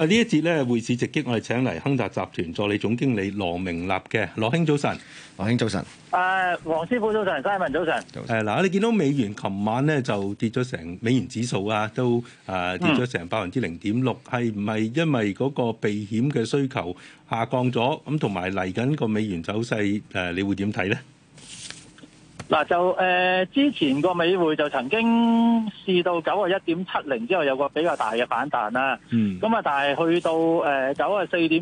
啊！呢一節咧匯市直擊，我哋請嚟亨達集團助理總經理羅明立嘅羅兄早晨，羅兄早晨。誒、啊，黃師傅早晨，嘉文早晨。誒嗱晨、啊，你見到美元琴晚咧就跌咗成美元指數啊，都誒跌咗成百分之零點六，係唔係因為嗰個避險嘅需求下降咗？咁同埋嚟緊個美元走勢誒，你會點睇咧？嗱就誒、呃、之前個美匯就曾經試到九啊一點七零，之後有個比較大嘅反彈啦，咁啊、嗯、但係去到誒九啊四點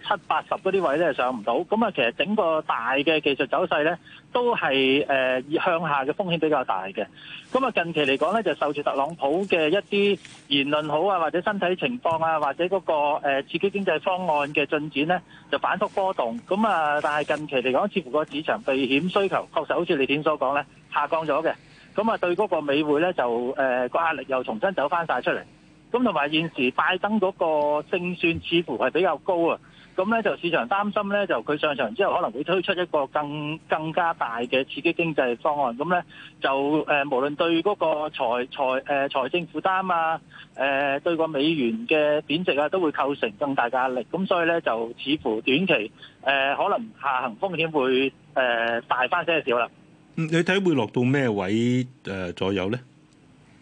七八十嗰啲位咧上唔到，咁啊其實整個大嘅技術走勢咧。都係、呃、向下嘅風險比較大嘅，咁啊近期嚟講咧就受住特朗普嘅一啲言論好啊，或者身體情況啊，或者嗰、那個、呃、刺激經濟方案嘅進展咧就反覆波動，咁啊但係近期嚟講似乎個市場避險需求確實好似你點所講咧下降咗嘅，咁啊對嗰個美匯咧就誒個、呃、壓力又重新走返晒出嚟，咁同埋現時拜登嗰個勝算似乎係比較高啊。咁咧就市場擔心咧，就佢上場之後可能會推出一個更更加大嘅刺激經濟方案。咁咧就誒、呃，無論對嗰個財財、呃、財政負擔啊，誒、呃、對個美元嘅貶值啊，都會構成更大嘅壓力。咁所以咧就似乎短期誒、呃、可能下行風險會誒、呃、大翻些少啦。你睇會落到咩位誒左右咧？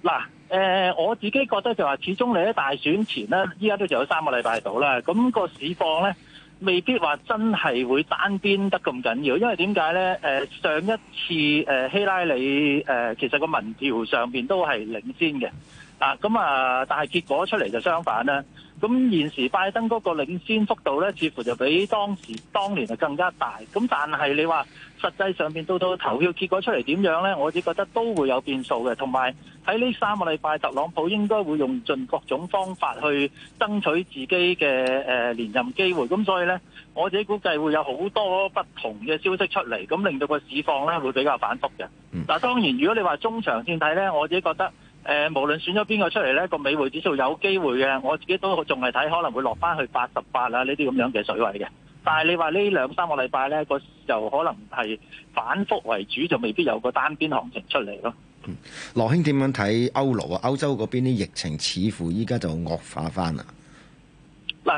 嗱。誒、呃、我自己覺得就話，始終你喺大選前咧，依家都仲有三個禮拜到啦，咁、個市況咧，未必話真係會單邊得咁緊要，因為點解咧？誒、呃、上一次誒、呃、希拉里誒、呃，其實個民調上邊都係領先嘅，啊咁啊，但係、呃、結果出嚟就相反啦。咁現時拜登嗰個領先幅度咧，似乎就比當時當年就更加大。咁但係你話實際上面到到投票結果出嚟點樣咧，我自己覺得都會有變數嘅。同埋喺呢三個禮拜，特朗普應該會用盡各種方法去爭取自己嘅誒、呃、連任機會。咁所以咧，我自己估計會有好多不同嘅消息出嚟，咁令到個市況咧會比較反復嘅。嗱、嗯，當然如果你話中長線睇咧，我自己覺得。誒，無論選咗邊個出嚟，呢個美匯指數有機會嘅，我自己都仲係睇可能會落翻去八十八啦，呢啲咁樣嘅水位嘅。但係你話呢兩三個禮拜呢個就可能係反覆為主，就未必有個單邊行情出嚟咯、嗯。羅兄點樣睇歐羅啊？歐洲嗰邊啲疫情似乎依家就惡化翻啦。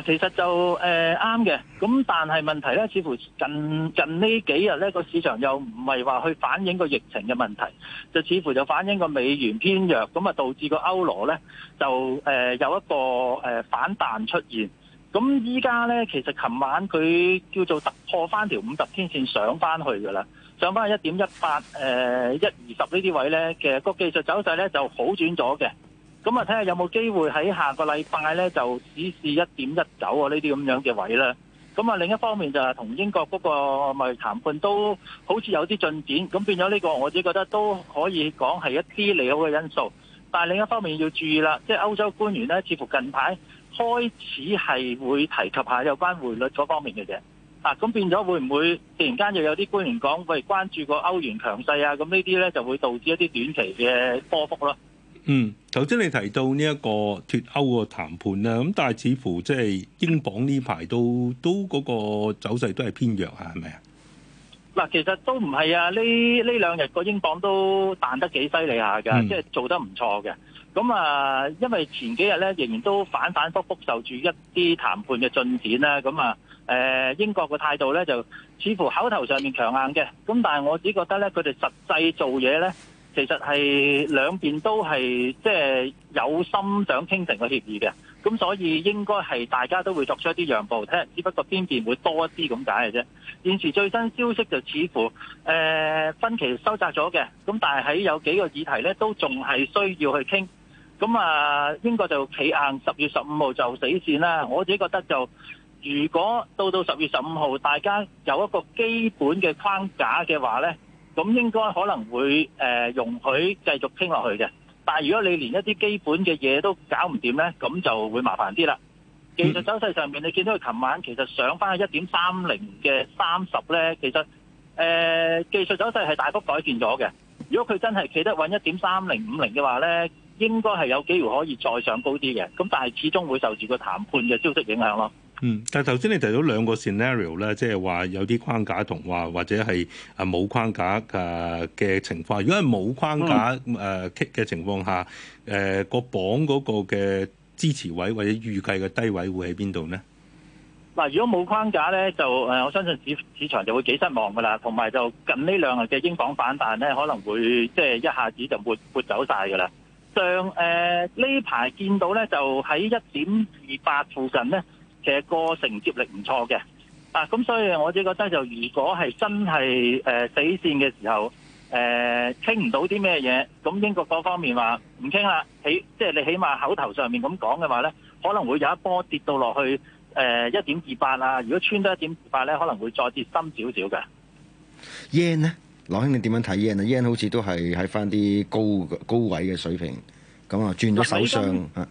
其實就誒啱嘅。咁、呃、但係問題咧，似乎近近幾呢幾日咧，個市場又唔係話去反映個疫情嘅問題，就似乎就反映個美元偏弱，咁啊導致個歐羅咧就誒、呃、有一個誒、呃、反彈出現。咁依家咧其實琴晚佢叫做突破翻條五十天線上翻去㗎啦，上翻去一點一八誒一二十呢啲位咧，其實個技術走勢咧就好轉咗嘅。咁啊，睇下有冇機會喺下個禮拜咧，就只試一點一九啊呢啲咁樣嘅位啦。咁啊，另一方面就係同英國嗰個貿易談判都好似有啲進展，咁變咗呢個我自己覺得都可以講係一啲利好嘅因素。但係另一方面要注意啦，即係歐洲官員咧，似乎近排開始係會提及下有關匯率嗰方面嘅嘢。啊，咁變咗會唔會突然間又有啲官員講喂，關注個歐元強勢啊？咁呢啲咧就會導致一啲短期嘅波幅咯。嗯，頭先你提到呢一個脫歐個談判啦，咁但係似乎即係英鎊呢排都都嗰個走勢都係偏弱嚇，係咪啊？嗱，其實都唔係啊，呢呢兩日個英鎊都彈得幾犀利下㗎，嗯、即係做得唔錯嘅。咁啊，因為前幾日咧仍然都反反覆覆受住一啲談判嘅進展啦，咁啊，誒、啊、英國嘅態度咧就似乎口頭上面強硬嘅，咁但係我只覺得咧佢哋實際做嘢咧。其實係兩邊都係即係有心想傾成個協議嘅，咁所以應該係大家都會作出一啲讓步，聽，只不過邊邊會多一啲咁解嘅啫。現時最新消息就似乎誒、呃、分歧收窄咗嘅，咁但係喺有幾個議題咧都仲係需要去傾。咁啊，英國就企硬十月十五號就死線啦。我自己覺得就如果到到十月十五號大家有一個基本嘅框架嘅話咧。咁應該可能會誒、呃、容許繼續傾落去嘅，但係如果你連一啲基本嘅嘢都搞唔掂呢，咁就會麻煩啲啦。技術走勢上面，你見到佢琴晚其實上返去一點三零嘅三十呢，其實誒、呃、技術走勢係大幅改變咗嘅。如果佢真係企得穩一點三零五零嘅話呢，應該係有機會可以再上高啲嘅，咁但係始終會受住個談判嘅消息影響咯。嗯，但係頭先你提到兩個 scenario 咧，即係話有啲框架同話或者係啊，冇框架嘅嘅情況。如果係冇框架咁嘅情況下，誒、嗯呃、個榜嗰個嘅支持位或者預計嘅低位會喺邊度呢？嗱，如果冇框架咧，就誒我相信市市場就會幾失望噶啦。同埋就近呢兩日嘅英鎊反彈咧，可能會即係、就是、一下子就抹抹走晒噶啦。上誒呢排見到咧，就喺一點二八附近咧。其實個承接力唔錯嘅，啊，咁所以我只覺得就如果係真係誒死線嘅時候，誒傾唔到啲咩嘢，咁英國各方面話唔傾啦，起即係你起碼口頭上面咁講嘅話咧，可能會有一波跌到落去誒一點二八啊，如果穿得一點二八咧，可能會再跌深少少嘅。yen 咧，羅兄你點樣睇 yen y e n 好似都係喺翻啲高高位嘅水平，咁啊轉咗手上、就是啊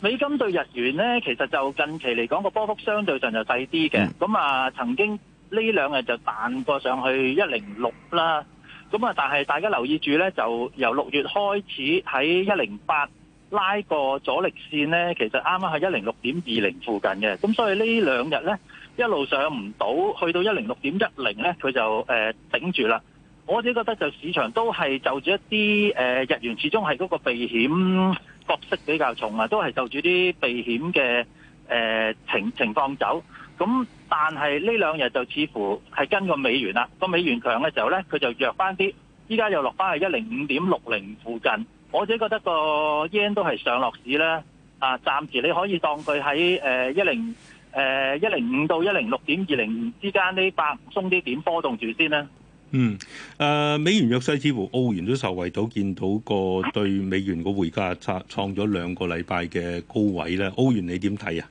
美金對日元咧，其實就近期嚟講個波幅相對上就細啲嘅。咁啊、嗯，曾經呢兩日就彈過上去一零六啦。咁啊，但係大家留意住咧，就由六月開始喺一零八拉過阻力線咧，其實啱啱係一零六點二零附近嘅。咁所以兩呢兩日咧，一路上唔到去到一零六點一零咧，佢就誒、呃、頂住啦。我自己覺得就市場都係就住一啲誒、呃、日元，始終係嗰個避險。角色比較重啊，都係就住啲避險嘅誒、呃、情情況走。咁但係呢兩日就似乎係跟個美元啦，個美元強嘅時候呢，佢就弱翻啲。依家又落翻去一零五點六零附近。我自己覺得個 yen 都係上落市啦。啊，暫時你可以當佢喺誒一零誒一零五到一零六點二零之間呢百鬆啲點波動住先啦。嗯，誒美元弱勢似乎澳元都受惠到，見到個對美元個匯價創創咗兩個禮拜嘅高位咧。澳元你點睇啊？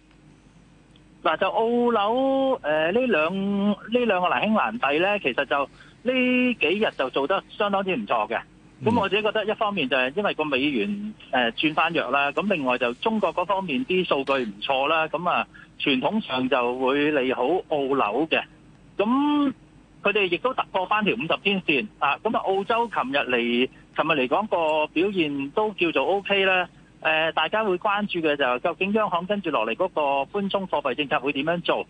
嗱，就澳紐誒呢兩呢兩個難兄難弟咧，其實就呢幾日就做得相當之唔錯嘅。咁我自己覺得一方面就係因為個美元誒轉返弱啦，咁另外就中國嗰方面啲數據唔錯啦，咁啊傳統上就會利好澳紐嘅，咁。佢哋亦都突破翻條五十天線啊！咁啊，澳洲琴日嚟，琴日嚟講個表現都叫做 O K 啦。誒，大家會關注嘅就係究竟央行跟住落嚟嗰個寬鬆貨幣政策會點樣做？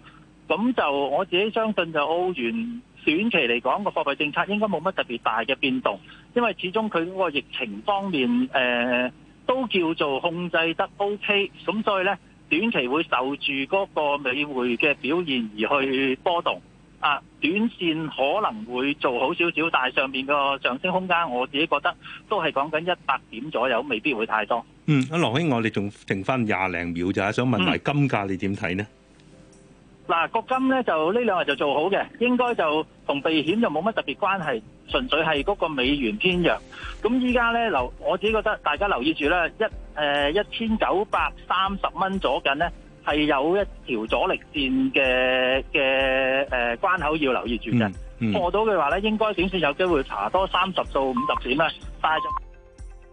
咁就我自己相信，就澳元短期嚟講個貨幣政策應該冇乜特別大嘅變動，因為始終佢嗰個疫情方面誒、呃、都叫做控制得 O K。咁所以呢，短期會受住嗰個美匯嘅表現而去波動。啊，短線可能會做好少少，但係上面個上升空間，我自己覺得都係講緊一百點左右，未必會太多。嗯，阿羅兄，我哋仲剩翻廿零秒就，想問埋金價你點睇呢？嗱、嗯，個金咧就呢兩日就做好嘅，應該就同避險就冇乜特別關係，純粹係嗰個美元偏弱。咁依家咧留，我自己覺得大家留意住啦，一誒一千九百三十蚊左近咧。係有一條阻力線嘅嘅，誒關口要留意住嘅，破到嘅話咧，應該點算有機會查多三十到五十點咧，但係。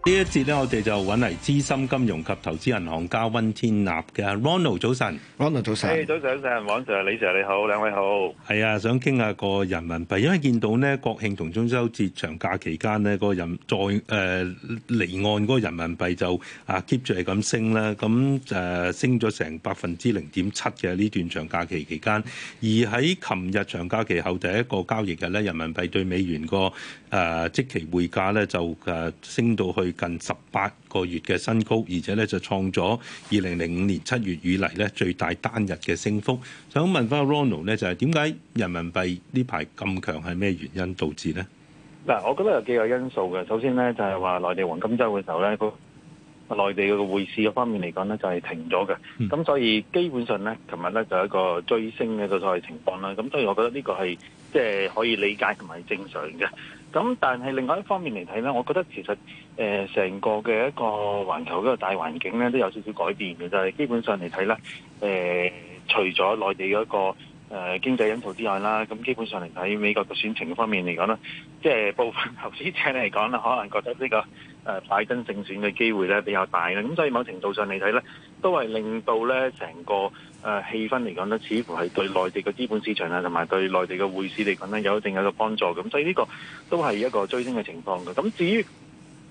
呢一節呢，我哋就揾嚟資深金融及投資銀行家溫天納嘅 Ronald 早晨，Ronald 早晨，誒、hey, 早晨，早晨，王 Sir、李 Sir 你好，兩位好，係啊，想傾下個人民幣，因為見到呢國慶同中秋節長假期間呢，那個人在誒、呃、離岸嗰個人民幣就啊 keep 住係咁升啦，咁誒、呃、升咗成百分之零點七嘅呢段長假期期間，而喺琴日長假期後第一個交易日呢，人民幣對美元個誒、呃、即期匯價呢，就、啊、誒升到去。近十八個月嘅新高，而且咧就創咗二零零五年七月以嚟咧最大單日嘅升幅。想問翻 Ronald 呢，就係點解人民幣呢排咁強係咩原因導致呢？嗱，我覺得有幾個因素嘅。首先呢，就係話內地黃金周嘅時候咧，個內地嘅匯市方面嚟講呢，就係停咗嘅。咁所以基本上呢，琴日咧就係一個追升嘅一個所謂情況啦。咁所以我覺得呢個係。即係可以理解，同埋正常嘅。咁但係另外一方面嚟睇咧，我覺得其實誒成、呃、個嘅一個環球嗰個大環境咧都有少少改變嘅，就係、是、基本上嚟睇咧誒，除咗內地嗰個。誒經濟因素之外啦，咁基本上嚟睇美國嘅選情方面嚟講啦，即係部分投資者嚟講啦，可能覺得呢個拜登勝選嘅機會呢比較大啦，咁所以某程度上嚟睇呢，都係令到呢成個誒氣氛嚟講呢，似乎係對內地嘅資本市場啊，同埋對內地嘅匯市嚟講呢，有一定嘅幫助。咁所以呢個都係一個追升嘅情況嘅。咁至於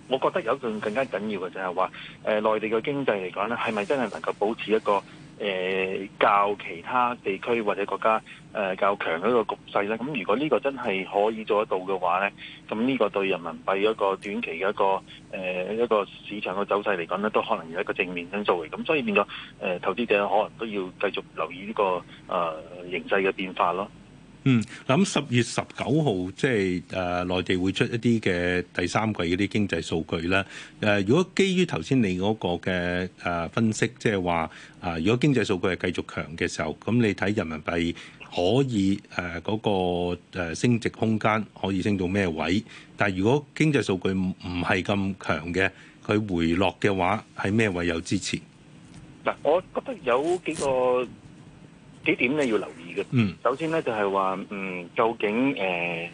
我覺得有一個更加緊要嘅就係話，誒內地嘅經濟嚟講呢，係咪真係能夠保持一個？誒較、呃、其他地區或者國家誒較、呃、強嘅一個局勢咧，咁如果呢個真係可以做得到嘅話咧，咁呢個對人民幣一個短期嘅一個誒、呃、一個市場嘅走勢嚟講咧，都可能有一個正面因素嚟，咁所以變咗誒、呃、投資者可能都要繼續留意呢、這個誒、呃、形勢嘅變化咯。嗯，咁十月十九號，即係誒內地會出一啲嘅第三季嗰啲經濟數據啦。誒、呃，如果基於頭先你嗰個嘅分析，即係話啊，如果經濟數據係繼續強嘅時候，咁你睇人民幣可以誒嗰、呃嗰個升值空間可以升到咩位？但係如果經濟數據唔係咁強嘅，佢回落嘅話，喺咩位有支持？嗱，我覺得有幾個。幾點咧要留意嘅。嗯、首先咧就係話，嗯，究竟誒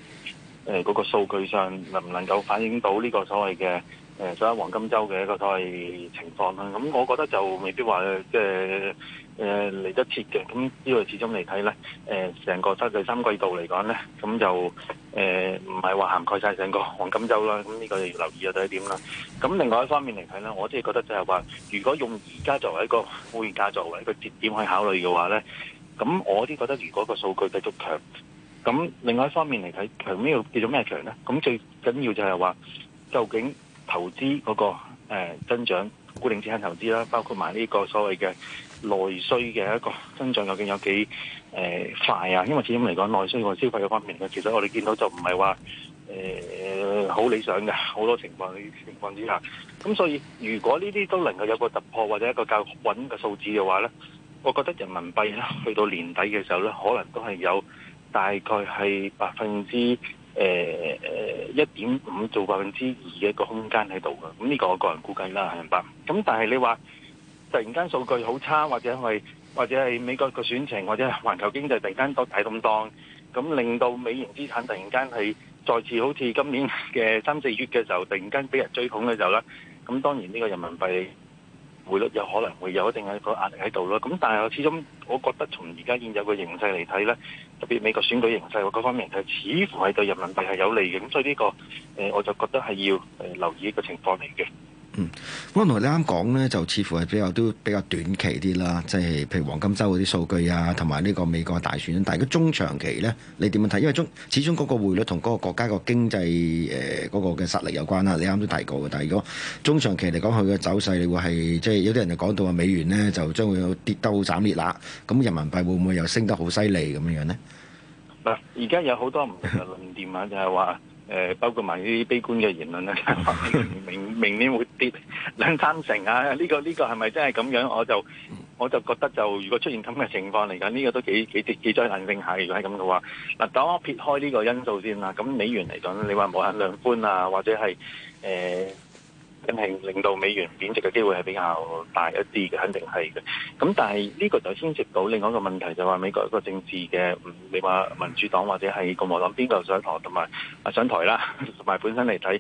誒嗰個數據上能唔能夠反映到呢個所謂嘅誒、呃、所謂黃金周嘅一個所謂情況咧？咁我覺得就未必話即係誒嚟得切嘅。咁呢個始終嚟睇咧，誒、呃、成個第三季度嚟講咧，咁就誒唔係話涵蓋晒成個黃金周啦。咁呢個就要留意嘅第一點啦。咁另外一方面嚟睇咧，我即係覺得就係話，如果用而家作為一個匯價作為一個節點去考慮嘅話咧。咁我都覺得，如果個數據繼續強，咁另外一方面嚟睇，強邊個叫做咩強呢？咁最緊要就係話，究竟投資嗰、那個、呃、增長、固定資產投資啦，包括埋呢個所謂嘅內需嘅一個增長，究竟有幾誒、呃、快啊？因為始終嚟講，內需同消費嗰方面嘅，其實我哋見到就唔係話誒好理想嘅，好多情況情況之下。咁所以，如果呢啲都能夠有個突破或者一個較穩嘅數字嘅話呢。我覺得人民幣咧，去到年底嘅時候咧，可能都係有大概係百分之誒誒一點五到百分之二嘅一個空間喺度嘅。咁呢個我個人估計啦，明白。咁但係你話突然間數據好差，或者係或者係美國個選情，或者係環球經濟突然間多大動盪，咁令到美元資產突然間係再次好似今年嘅三四月嘅時候，突然間俾人追捧嘅時候咧，咁當然呢個人民幣。匯率有可能會有一定嘅個壓力喺度咯，咁但係我始終我覺得從而家現有嘅形勢嚟睇咧，特別美國選舉形勢個各方面睇，似乎係對人民幣係有利嘅，咁所以呢、呢個誒、呃、我就覺得係要誒、呃、留意呢個情況嚟嘅。嗯，我同你啱講咧，就似乎係比較都比較短期啲啦，即係譬如黃金周嗰啲數據啊，同埋呢個美國大選。但係如果中長期咧，你點樣睇？因為中始終嗰個匯率同嗰個國家個經濟誒嗰個嘅實力有關啦。你啱都提過嘅。但係如果中長期嚟講，佢嘅走勢，你會係即係有啲人就講到話美元咧就將會跌得好慘烈喇。咁人民幣會唔會又升得好犀利咁樣樣咧？嗱，而家有好多唔同嘅論點啊，就係話。誒，包括埋啲悲觀嘅言論咧， 明明年會跌兩三成啊！呢個呢個係咪真係咁樣？我就我就覺得就如果出現咁嘅情況嚟講，呢個都幾幾幾災難性下。如果係咁嘅話，嗱，等我撇開呢個因素先啦，咁美元嚟講，你話冇限量寬啊，或者係誒。呃咁係令到美元貶值嘅機會係比較大一啲嘅，肯定係嘅。咁但係呢個就牽涉到另外一個問題，就話、是、美國一個政治嘅，你話民主黨或者係共和黨邊個上台，同埋啊上台啦，同埋本身嚟睇，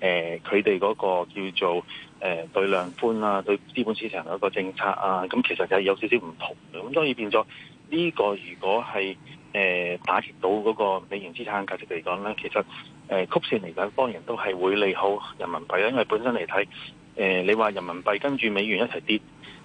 誒佢哋嗰個叫做誒、呃、對量寬啊，對資本市場嗰個政策啊，咁、嗯、其實就係有少少唔同嘅。咁所以變咗呢個，如果係。誒、呃、打擊到嗰個美元資產價值嚟講咧，其實誒、呃、曲線嚟講，當然都係會利好人民幣，因為本身嚟睇，誒、呃、你話人民幣跟住美元一齊跌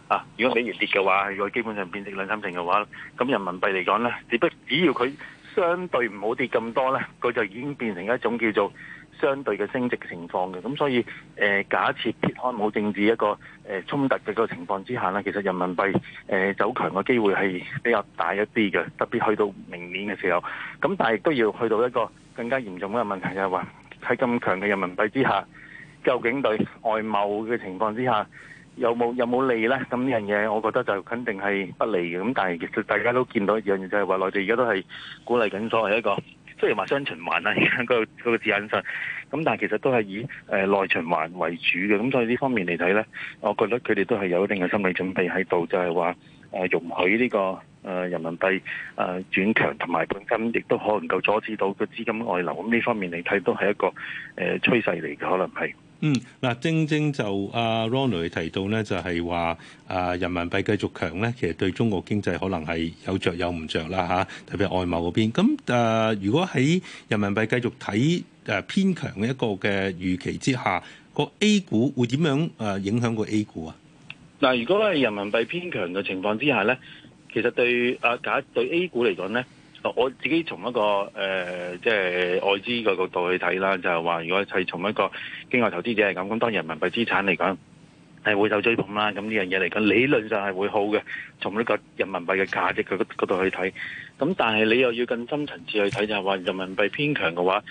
啊。如果美元跌嘅話，如果基本上變成兩三成嘅話，咁人民幣嚟講咧，只不只要佢相對唔好跌咁多咧，佢就已經變成一種叫做。相對嘅升值情況嘅，咁所以誒、呃、假設撇開冇政治一個誒、呃、衝突嘅個情況之下呢，其實人民幣誒、呃、走強嘅機會係比較大一啲嘅，特別去到明年嘅時候。咁但係亦都要去到一個更加嚴重嘅問題，就係話喺咁強嘅人民幣之下，究竟對外貿嘅情況之下有冇有冇利呢？咁呢樣嘢我覺得就肯定係不利嘅。咁但係其實大家都見到一樣嘢就係話，內地而家都係鼓勵緊所謂一個。雖然話雙循環啦，嗰個、嗰個指引上，咁但係其實都係以誒內、呃、循環為主嘅。咁所以呢方面嚟睇呢，我覺得佢哋都係有一定嘅心理準備喺度，就係話誒容許呢、這個誒、呃、人民幣誒轉強，同、呃、埋本身，亦都可能夠阻止到個資金外流。咁呢方面嚟睇，都係一個誒趨勢嚟嘅，可能係。嗯，嗱，正正就阿 Ronny 提到咧，就係話啊，人民幣繼續強咧，其實對中國經濟可能係有著有唔著啦嚇，特別外貿嗰邊。咁誒、呃，如果喺人民幣繼續睇誒、呃、偏強嘅一個嘅預期之下，個 A 股會點樣誒、呃、影響個 A 股啊？嗱，如果係人民幣偏強嘅情況之下咧，其實對阿、啊、假對 A 股嚟講咧。我自己從一個誒，即、呃、係、就是、外資嘅角度去睇啦，就係、是、話如果係從一個境外投資者係咁，咁當人民幣資產嚟講係會受追捧啦。咁呢樣嘢嚟講，理論上係會好嘅，從呢個人民幣嘅價值嘅角度去睇。咁但係你又要更深層次去睇，就係、是、話人民幣偏強嘅話。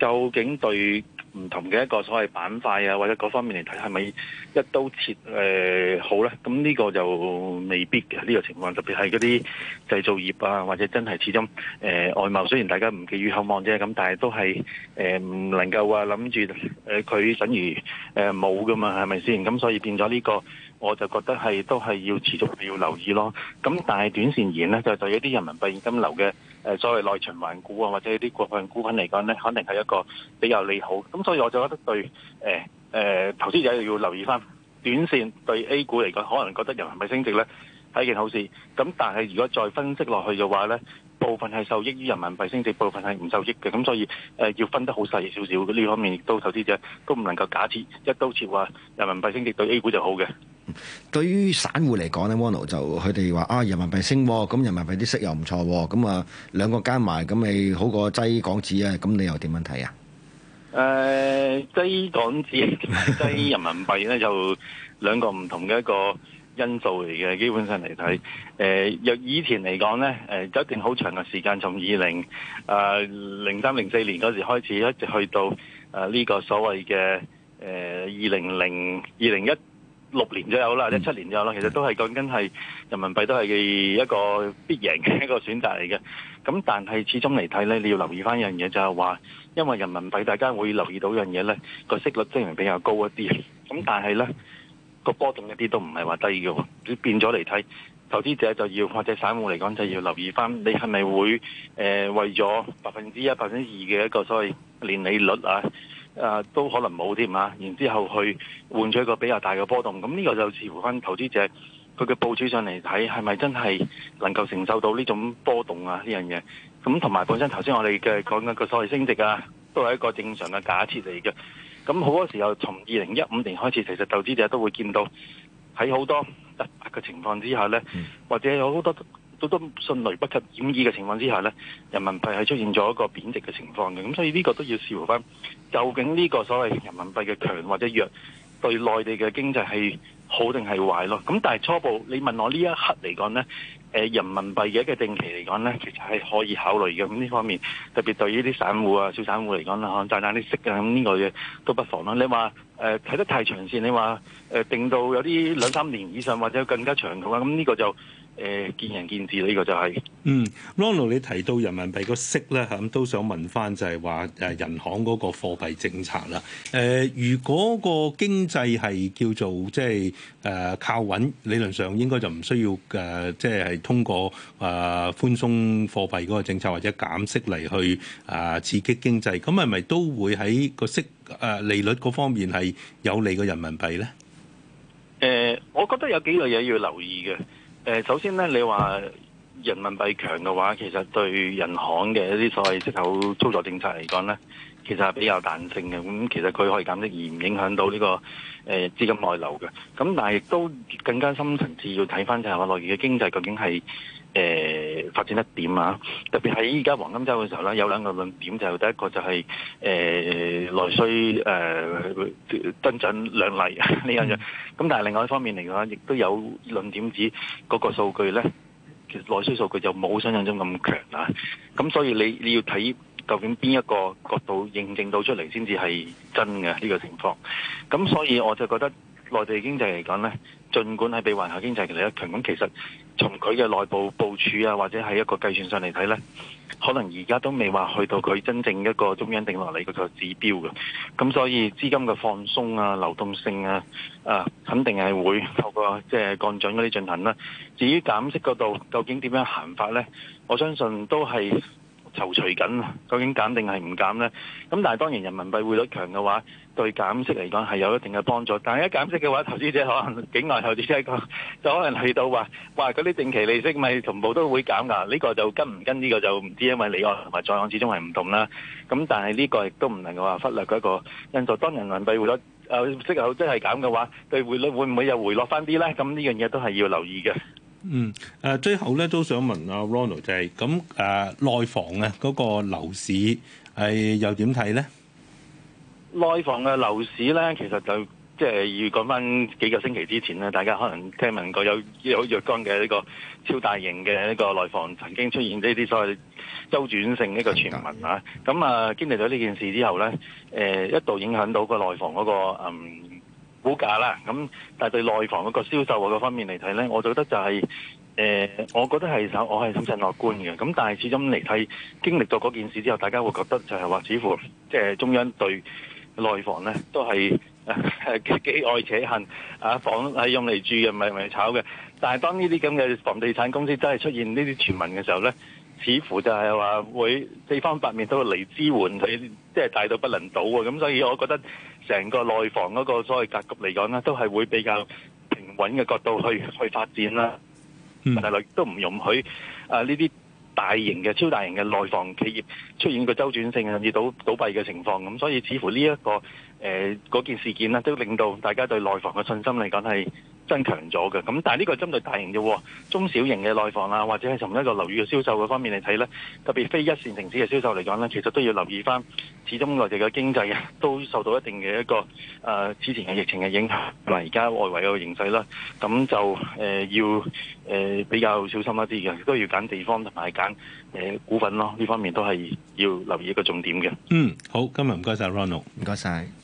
究竟對唔同嘅一個所謂板塊啊，或者各方面嚟睇，係咪一刀切誒、呃、好咧？咁呢個就未必嘅呢、這個情況，特別係嗰啲製造業啊，或者真係始終誒、呃、外貿，雖然大家唔寄予厚望啫，咁但係都係誒唔能夠話諗住誒佢等如誒冇㗎嘛，係咪先？咁所以變咗呢、這個，我就覺得係都係要持續要留意咯。咁但係短線而言咧，就對一啲人民幣現金流嘅。誒，作為、呃、內循環股啊，或者啲國產股份嚟講咧，肯定係一個比較利好。咁所以我就覺得對誒誒投資者要留意翻，短線對 A 股嚟講，可能覺得人民幣升值咧係一件好事。咁但係如果再分析落去嘅話咧。部分係受益於人民幣升值，部分係唔受益嘅，咁所以誒、呃、要分得好細少少。呢方面亦都投資者都唔能夠假設一刀切的話人民幣升值對 A 股就好嘅。對於散戶嚟講呢 Mono 就佢哋話啊，人民幣升，咁人民幣啲息又唔錯，咁啊兩個加埋，咁咪好過擠港紙啊？咁你又點樣睇啊？誒、呃，擠港紙同埋擠人民幣呢， 就兩個唔同嘅一個。因素嚟嘅，基本上嚟睇，誒，由以前嚟講咧，誒，有一段好長嘅時間，從二零啊零三、零四年嗰時開始，一直去到誒呢個所謂嘅誒二零零二零一六年左右啦，一七年左右啦，其實都係講緊係人民幣都係一個必贏嘅一個選擇嚟嘅。咁但係始終嚟睇咧，你要留意翻一樣嘢，就係話，因為人民幣，大家會留意到一樣嘢咧，個息率雖然比較高一啲，咁但係咧，個波動一啲都唔係話低嘅，變咗嚟睇，投資者就要或者散戶嚟講就要留意翻，你係咪會誒為咗百分之一、百分之二嘅一個所謂年利率啊，啊，都可能冇添啊，然之後去換取一個比較大嘅波動，咁呢個就似乎翻投資者佢嘅部署上嚟睇，係咪真係能夠承受到呢種波動啊？呢樣嘢，咁同埋本身頭先我哋嘅講緊個所謂升值啊，都係一個正常嘅假設嚟嘅。咁好多時候，從二零一五年開始，其實投資者都會見到喺好多突發嘅情況之下呢，嗯、或者有好多都都迅雷不及掩耳嘅情況之下呢，人民幣係出現咗一個貶值嘅情況嘅。咁所以呢個都要視乎翻究竟呢個所謂人民幣嘅強或者弱，對內地嘅經濟係好定係壞咯。咁但係初步，你問我呢一刻嚟講呢。誒、呃、人民幣嘅一個定期嚟講咧，其實係可以考慮嘅。咁呢方面，特別對於啲散戶啊、小散戶嚟講啦，可能賺啲息啊。咁、這、呢個嘢都不妨啦。你話誒睇得太長線，你話誒、呃、定到有啲兩三年以上，或者更加長嘅話，咁呢個就。誒，見仁見智呢、這個就係、嗯。嗯，Ronald 你提到人民幣個息咧，咁都想問翻就係話誒，人行嗰個貨幣政策啦。誒、呃，如果個經濟係叫做即係誒靠穩，理論上應該就唔需要誒，即、呃、係、就是、通過誒寬鬆貨幣嗰個政策或者減息嚟去誒、呃、刺激經濟。咁係咪都會喺個息誒利率嗰方面係有利個人民幣咧？誒、呃，我覺得有幾樣嘢要留意嘅。呃、首先咧，你話人民幣強嘅話，其實對人行嘅一啲所謂出口操作政策嚟講呢，其實係比較彈性嘅。咁、嗯、其實佢可以減息，而唔影響到呢、這個、呃、資金外流嘅。咁、嗯、但係亦都更加深層次要睇翻就係話內地嘅經濟究竟係。誒、呃、發展得點啊？特別喺依家黃金周嘅時候咧，有兩個論點、就是，就第一個就係、是、誒、呃、內需誒增長量例呢樣嘢。咁但係另外一方面嚟講，亦都有論點指嗰個數據咧，其實內需數據就冇想象中咁強啊。咁所以你你要睇究竟邊一個角度認證到出嚟先至係真嘅呢、這個情況。咁所以我就覺得。內地經濟嚟講呢，儘管係比環球經濟嚟得強，咁其實從佢嘅內部部署啊，或者係一個計算上嚟睇呢，可能而家都未話去到佢真正一個中央定落嚟嗰個指標嘅。咁所以資金嘅放鬆啊、流動性啊，啊肯定係會透過即係、就是、降準嗰啲進行啦、啊。至於減息嗰度究竟點樣行法呢？我相信都係。躊躇緊啊，究竟減定係唔減呢？咁但係當然，人民幣匯率強嘅話，對減息嚟講係有一定嘅幫助。但係一減息嘅話，投資者可能境外投資者就可能嚟到話，嘩，嗰啲定期利息咪同步都會減㗎？呢個就跟唔跟呢個就唔知，因為離岸同埋在岸始終係唔同啦。咁但係呢個亦都唔能夠話忽略一個因素。當人民幣匯率啊息口真係減嘅話，對匯率會唔會又回落返啲呢？咁呢樣嘢都係要留意嘅。.嗯，誒最後咧，都想問阿 Ronald 就係咁，誒內房啊嗰個樓市係又點睇咧？內房嘅樓市咧，其實就即係、就是、要講翻幾個星期之前咧，大家可能聽聞過有有若干嘅呢個超大型嘅呢個內房曾經出現呢啲所謂周轉性呢個傳聞啊。咁啊、嗯，經歷咗呢件事之後咧、呃，一度影響到個內房嗰、那個嗯。估價啦，咁但係對內房嗰個銷售嗰嗰方面嚟睇呢我、就是呃，我覺得就係誒，我覺得係我係審慎樂觀嘅。咁但係始終嚟睇經歷咗嗰件事之後，大家會覺得就係話，似乎即係、呃、中央對內房呢都係誒、啊、幾愛且恨啊！房係用嚟住嘅，唔係用嚟炒嘅。但係當呢啲咁嘅房地產公司真係出現呢啲傳聞嘅時候呢，似乎就係話會四方八面都會嚟支援佢，即、就、係、是、大到不能倒喎。咁所以我覺得。成個內房嗰個所謂格局嚟講呢都係會比較平穩嘅角度去去發展啦，但係、嗯、都唔容許啊呢啲大型嘅超大型嘅內房企業出現個周轉性甚至倒倒閉嘅情況，咁所以似乎呢、這、一個誒嗰、呃、件事件呢，都令到大家對內房嘅信心嚟講係增強咗嘅，咁但係呢個針對大型嘅中小型嘅內房啊，或者係從一個樓宇嘅銷售嘅方面嚟睇咧，特別非一線城市嘅銷售嚟講咧，其實都要留意翻，始終內地嘅經濟啊都受到一定嘅一個誒此前嘅疫情嘅影響同埋而家外圍嘅形勢啦，咁就誒要誒比較小心一啲嘅，亦都要揀地方同埋揀誒股份咯，呢方面都係要留意一個重點嘅。嗯，好，今日唔該晒 Ronald，唔該晒。謝謝。